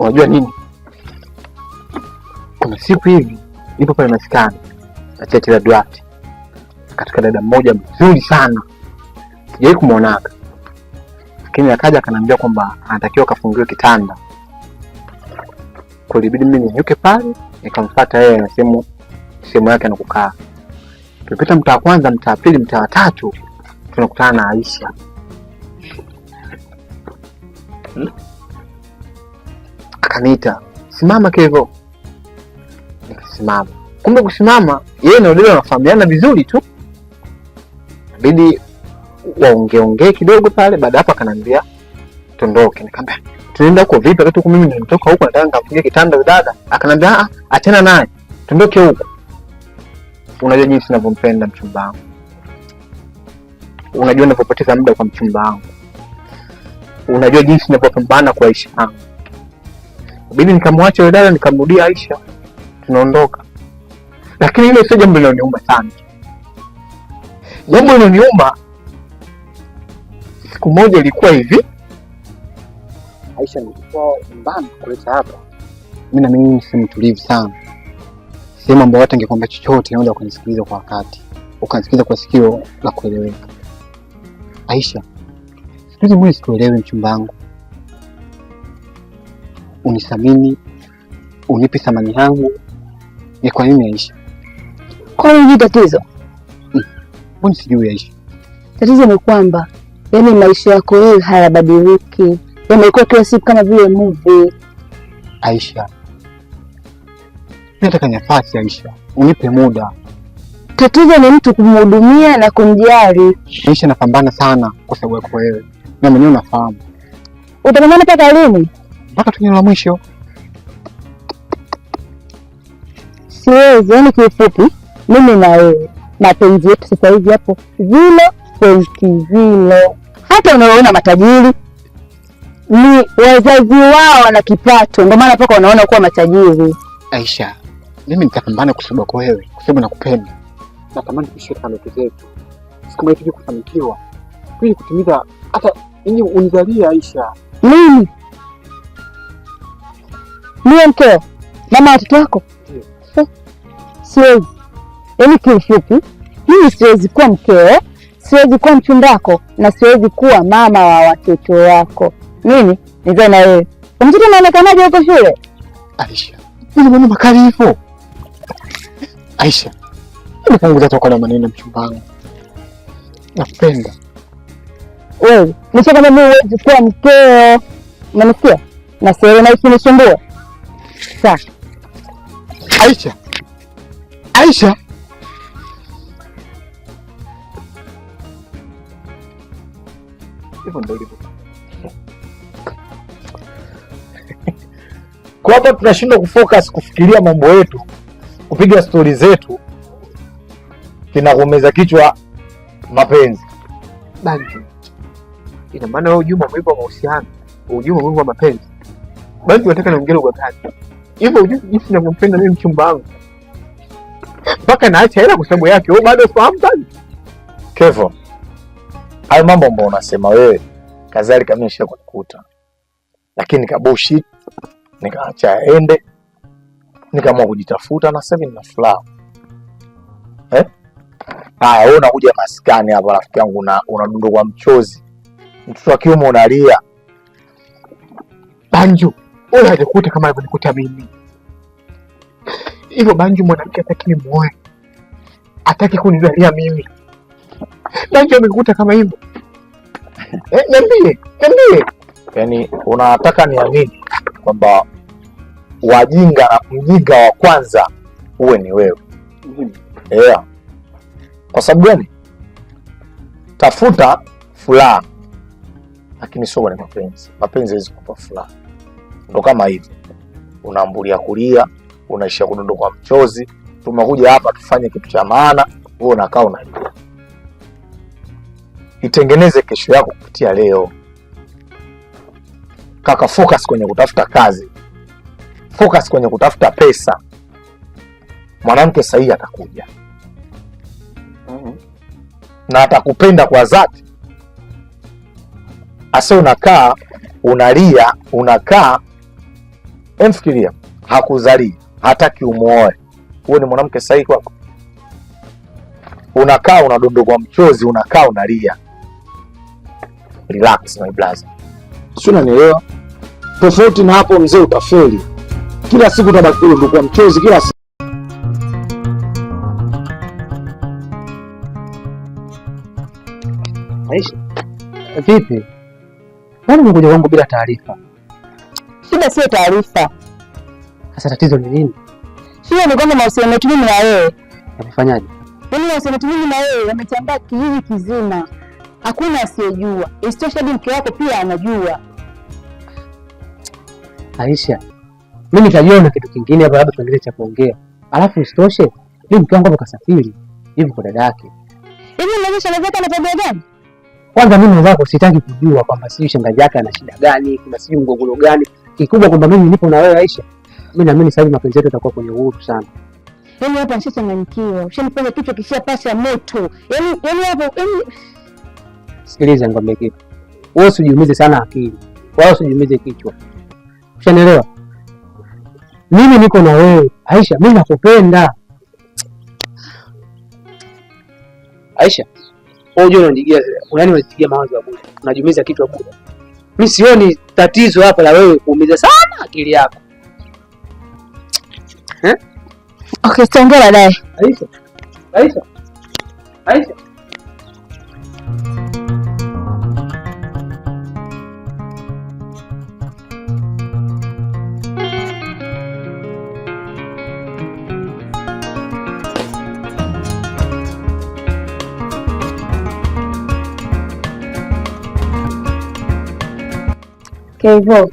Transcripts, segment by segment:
Unajua nini, kuna siku hivi nipo pale maskani na chati la Duarte, katika dada mmoja mzuri sana, sijawahi kumwonaga, lakini akaja akaniambia kwamba anatakiwa kafungiwe kitanda. Kulibidi mimi ninyuke pale nikamfuata yeye na sehemu sehemu yake anakukaa. Tupita mtaa kwanza, mtaa pili, mtaa tatu, tunakutana na Aisha hmm? akaniita simama Kevo. Nikasimama, kumbe kusimama, yeye na Odile wanafahamiana vizuri tu, inabidi waongeongee kidogo pale. Baada ya hapo akaniambia tondoke, nikamwambia tunaenda huko vipi? Wakati mimi nimetoka huko, nataka nikafungie kitanda za dada. Akaniambia ah, achana naye, tondoke huko. Unajua jinsi ninavyompenda mchumba wangu, unajua ninavyopoteza muda kwa mchumba wangu, unajua jinsi ninavyopambana kwa heshima yangu Bidi nikamwacha yule dada nikamrudia Aisha, tunaondoka. Lakini ile sio jambo linaloniuma sana. Jambo linaloniuma siku moja ilikuwa hivi, Aisha nilikuwa mbana kuleta hapa, mimi na mimi si tulivu sana, sehemu ambayo watu angekwambia chochote, naweza kunisikiliza kwa wakati, ukanisikiliza kwa sikio la kueleweka. Aisha, sikuzi hizi mimi sikuelewi mchumba wangu unithamini, unipe thamani yangu, ni kwa nini aisha Kwa nini tatizo? Mm. Mbona sijui aishi? Tatizo ni kwamba yani maisha yako wewe hayabadiliki, yamekuwa yaani kila siku kama vile movie. Aisha, nataka nafasi. Aisha, unipe muda. Tatizo ni mtu kumhudumia na kumjali. Aisha, napambana sana kwa sababu yako wewe, na mwenyewe unafahamu. Utapambana mpaka lini? mpaka tungine la mwisho. Siwezi yani, kiufupi mimi na wewe mapenzi yetu sasa hivi hapo zilo pointi zilo. Hata unaona matajiri ni wazazi wao wana kipato, ndio maana mpaka wanaona kuwa matajiri. Aisha, mimi nitapambana kushinda kwa wewe, kwa sababu nakupenda, natamani kushiriki ndoto zetu, siku moja tuje kufanikiwa, ili kutimiza hata ninyi unizalia Aisha mimi Niwe mkeo, mama watoto wako eh, siwezi. yani kiufupi, mimi siwezi kuwa mkeo, siwezi kuwa mchumbako na siwezi kuwa mama wa watoto wako. nini nizae na wewe. Mtoto anaonekanaje huko shule? Aisha, mimi mama kali hivyo. Aisha, nipunguza toka na maneno mchumbangu, nakupenda wewe. Nisha kama mimi huwezi kuwa mkeo, unanisikia? Na siwezi naishi nisumbue sasa Aisha, Aisha, hivyo ndo ilivyo kwa hapa. Tunashindwa kufocus kufikiria mambo yetu, kupiga stori zetu, kinakumeza kichwa mapenzi. Banjo. ina maana wewe hujui mambo mahusiano, mapenzi basi nataka naongea lugha gani? Hivyo jinsi ninavyompenda mimi mchumba wangu mpaka naacha hela kwa sababu yake, wewe bado ufahamu kazi. Kevo, hayo mambo ambayo unasema wewe, kadhalika mimi nisha kukuta, lakini kabushi nikaacha aende, nikaamua kujitafuta na sasa hivi nina furaha eh? Haya, wewe unakuja maskani hapa rafiki yangu, una unadundukwa mchozi, mtoto wa kiume unalia banjo wewe hajakuta kama alivyonikuta mimi. Hivyo Banju mwanamke hataki nimuoe, hataki kunizalia mimi. Banju amekuta kama hivyo eh? Niambie, niambie, yaani unataka niamini kwamba wajinga na mjinga wa kwanza uwe ni wewe? mm-hmm. Yeah. Kwa sababu gani? Tafuta furaha, lakini sio kwenye mapenzi. Mapenzi hawezi kupa furaha ndo kama hivi, unaambulia kulia, unaishia kwa mchozi. Tumekuja hapa tufanye kitu cha maana, wewe unakaa unalia. Itengeneze kesho yako kupitia leo. Kaka, focus kwenye kutafuta kazi, focus kwenye kutafuta pesa. Mwanamke sahihi atakuja mhm. na atakupenda kwa dhati, asa unakaa unalia, unakaa Emfikiria, hakuzalii, hataki umwoe, huyo ni mwanamke sahihi kwako? Unakaa unadondokwa mchozi, unakaa unalia. Relax my brother, si unanielewa? Tofauti na hapo, mzee, utafeli kila siku, utabaki kudondokwa mchozi kila siku. Aisha, vipi? Nani umekuja wangu bila taarifa? shida sio taarifa. Sasa tatizo ni nini? Shida ni kwamba mahusiano yetu mimi na wewe yamefanyaje? Yaani mahusiano yetu mimi na wewe yametambaa kijiji kizima, hakuna asiyejua. Isitoshe hadi mke wako pia anajua. Aisha, mimi nitajiona kitu kingine hapa, labda tuendelee cha kuongea. Alafu isitoshe ni mke wangu hapo kasafiri hivi kwa dada yake. Hivi mnaonyesha anaweza kana tabia gani? Kwanza mimi mwenzako sitaki kujua kwamba sijui shangazi yake ana shida gani, kuna sijui mgogoro gani kikubwa kwamba mimi nipo na wewe Aisha, mimi naamini sasa mapenzi yetu yatakuwa kwenye uhuru sana. Yaani hapa nishachanganyikiwa, ushanifanya kichwa ya moto. Yaani yaani hapo yaani, sikiliza ngombe kitu, wewe usijiumize sana akili, wala usijiumize kichwa, ushanielewa? Mimi niko na wewe Aisha, mimi nakupenda Aisha. Wewe unanijigia, unani unajigia mawazo ya bure, unajiumiza kichwa bure mi sioni tatizo hapa la wewe kuumiza sana akili yako eh? Okay, tutaongea baadaye. Aisha. Aisha. Aisha. Kwa hivyo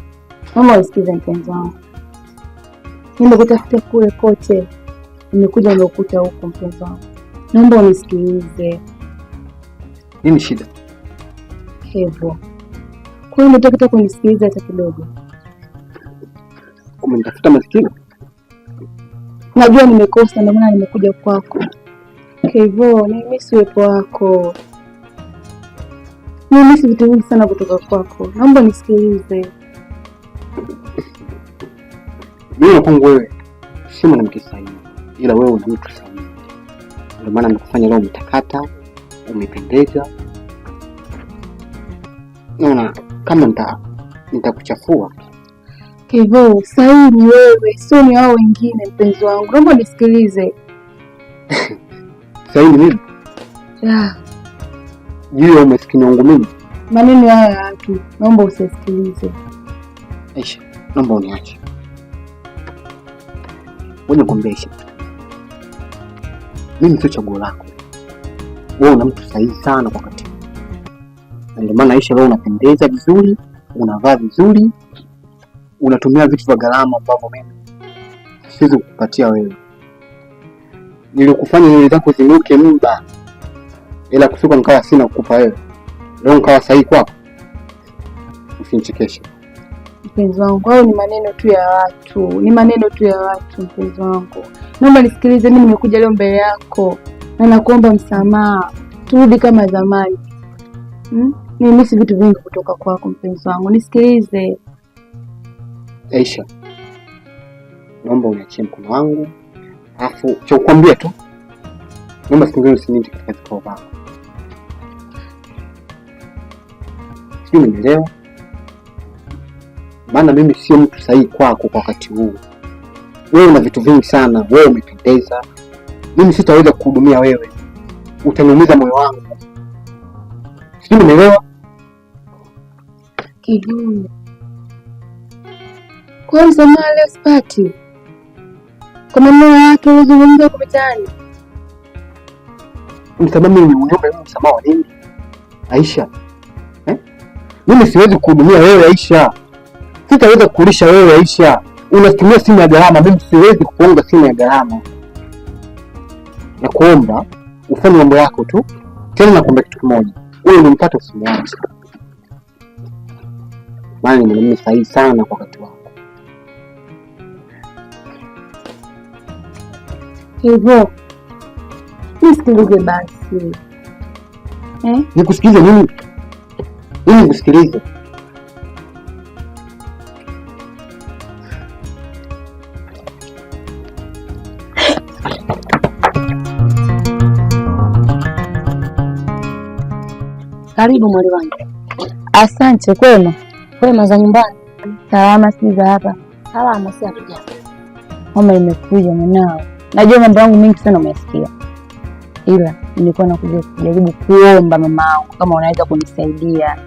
mama, usikize mpenzi wangu, nimekutafuta kule kote, nimekuja nimekuta huko. Mpenzi wangu, naomba unisikilize. Nini shida? Hivyo kwa hiyo nitaka kunisikiliza hata kidogo. Umenitafuta masikio? Najua nimekosa, ndio maana nimekuja kwako. Kwa hivyo naimisi wako Nimisi vitu vingi sana kutoka kwako, naomba nisikilize. Mimi na kwangu wewe si mwanamke sahihi, ila wewe una mtu sahihi. Ndio maana nimekufanya leo mtakata, umependeza. Naona kama nitakuchafua hivyo. Sahihi ni wewe, sio ni wao wengine. Mpenzi wangu, naomba nisikilize. Sahihi ni mimi? juu ya umaskini wangu mimi. Maneno haya ya watu naomba usisikilize. Aisha, naomba uniache. Ngoja nikwambie Aisha, mimi sio chaguo lako. Wewe una mtu sahihi sana kwa kati, na ndio maana Aisha, wewe unapendeza vizuri, unavaa vizuri, unatumia vitu vya gharama ambavyo mimi siwezi kukupatia wewe. Nilikufanya nywele zako zinuke mba ila kufika nikawa sina kukupa wewe, leo nikawa sahihi kwako? Usinichekeshe mpenzi wangu, hayo ni maneno tu ya watu, ni maneno tu ya watu. Mpenzi wangu, naomba nisikilize, mimi nimekuja leo mbele yako na nakuomba msamaha, turudi kama zamani hmm? Nimisi vitu vingi kutoka kwako mpenzi wangu, nisikilize. Aisha, naomba uniachie mkono wangu, alafu cha kukwambia tu, naomba siku ngine usiniite katika kikao vyako. sijui umenielewa? Maana mimi sio mtu sahihi kwako kwa wakati huu. Wewe una vitu vingi sana, wewe umependeza, mimi sitaweza kuhudumia wewe, utaniumiza moyo wangu, sijui umenielewa? Kijumba, kwa hiyo msamaha leo sipati kwa maneno yake ulizungumza kwa mitaani. Msamaha mimi, msamaha wa nini Aisha? mimi siwezi kuhudumia wewe Aisha, sitaweza kukulisha wewe Aisha, unatumia simu ya gharama, mimi siwezi kuonga simu ya gharama. Nakuomba ufanye mambo yako tu, tena nakuomba kitu kimoja, ule ulimpata usimwache, maana ni mwanamume sahihi sana kwa wakati wako. Hivyo nisikilize basi eh? Nikusikilize nini? ili nisikilize. Karibu mwali wangu. Asante. Kwema? Kwema za nyumbani? Salama. Si za hapa? Salama. Si hatuja. Mama imekuja mwanao, najua mambo yangu mengi sana umesikia, ila nilikuwa nakuja kujaribu kuomba mama wangu kama unaweza kunisaidia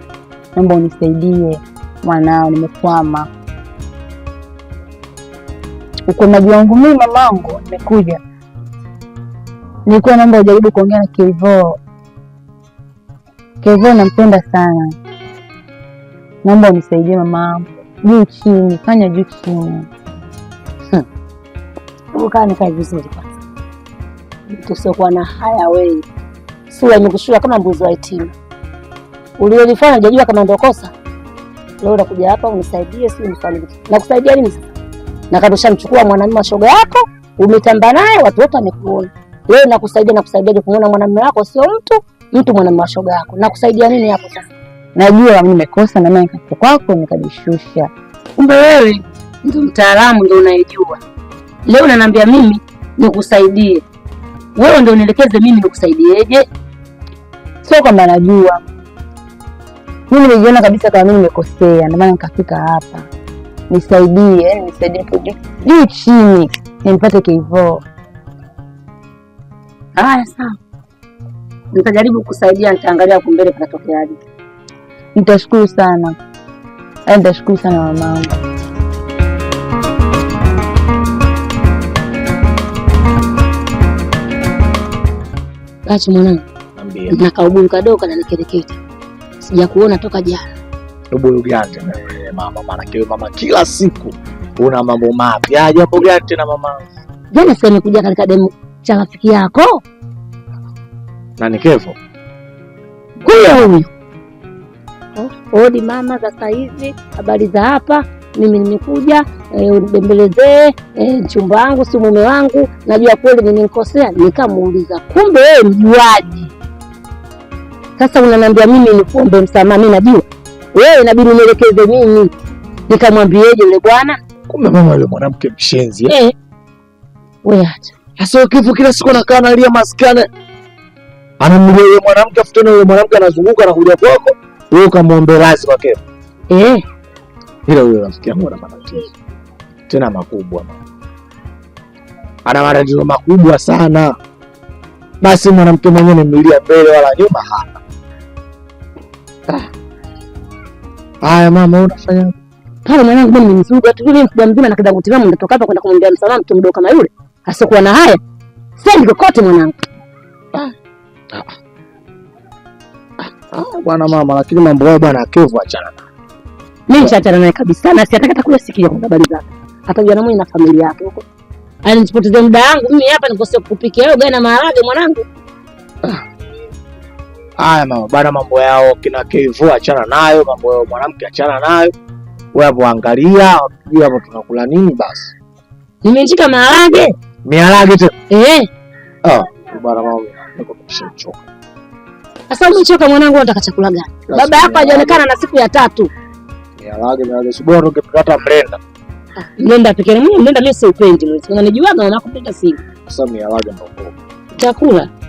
naomba unisaidie mwanao, nimekwama. na wangu mimi, mamangu, nimekuja nilikuwa naomba ujaribu kuongea na Kevo. Kevo nampenda sana, naomba unisaidie mama, juu chini, fanya juu chini. Kaa hmm. nikae vizuri kwanza, tusiokuwa na haya wei, si wenye kushua kama mbuzi wa itima ulionifanya hujajua kama ndio kosa. Leo unakuja hapa unisaidie, si unifanye na kusaidia nini sasa? Na kama ushamchukua mwanamume wa shoga yako, umetamba naye, watu wote wamekuona. Wewe nakusaidia na kusaidia je kumuona mwanamume wako sio mtu, mtu mwanamume wa shoga yako. Na kusaidia nini hapo sasa? Najua mimi nimekosa na mimi nikakuja kwako nikajishusha. Kumbe wewe ndio mtaalamu ndio unayejua. Leo unaniambia mimi nikusaidie. Wewe ndio unielekeze mimi nikusaidieje? Sio kama najua mimi nimejiona kabisa kama mimi nimekosea, ndio maana nikafika hapa. Nisaidie, yani nisaidie juu chini nimpate Kivo. Haya, sawa, nitajaribu kusaidia, nitaangalia huko mbele patatokeaje. Nitashukuru sana, yaani nitashukuru sana mamangu. Pachi mwanangu, nakaubumu kadogo kananikereketa sijakuona toka jana. Hebu ugani mama, maanake wewe mama kila siku una mambo mapya. Japo gani na mama? Jana sika nimekuja katika demu cha rafiki yako na ni Kevo huyo huyo. Oh, odi mama za hizi, habari za hapa. Mimi nimekuja eh, unibembelezee eh, chumba wangu, si mume wangu. Najua kweli nimenikosea, nikamuuliza, kumbe wewe mjuaji sasa unaniambia mimi nikuombe msamaha? Mimi najua wewe, inabidi nielekeze mimi nikamwambieje yule bwana. Kumbe mama yule mwanamke mshenzi eh, eh. wewe acha sasa, ukifu kila siku anakaa analia maskani. Anamlia yule mwanamke afutana yule mwanamke anazunguka na kuja kwako. Wewe ukamwombe radhi kwake. Eh. Ila yule rafiki yangu ana matatizo. Tena makubwa. mama, Ana matatizo makubwa sana. Basi mwanamke mwenyewe ni mbele wala nyuma hana. Haya mama, unafanya pale mwanangu, mimi ni mzuri tu yule mkubwa mzima na kidangu timamu, nitoka hapa kwenda kumwambia msalama mtu mdogo kama yule asiokuwa na haya, sendi kokote mwanangu. Ah, Bwana mama, lakini mambo yao bwana akevu, achana naye. Mimi nitaachana naye kabisa, na sitaki hata sikia kwa habari zake, hata jana mimi na familia yake huko, anipotezea muda wangu mimi hapa, nikose kukupikia wewe na maharage mwanangu haya mama bana, mambo yao kina Kevo achana nayo, mambo yao mwanamke achana nayo, wewe hapo angalia hiyo hapo, tunakula nini basi? Nimechika maharage, maharage tu eh. Ah bana, mama niko kushochoka sasa. Umechoka mwanangu, unataka chakula gani? Baba yako hajaonekana na siku ya tatu. Maharage, maharage, si bora ungepata mrenda. Ah, mrenda pekee mimi, mrenda mimi siupendi, unanijuaga nakupenda sisi. Sasa maharage ndio chakula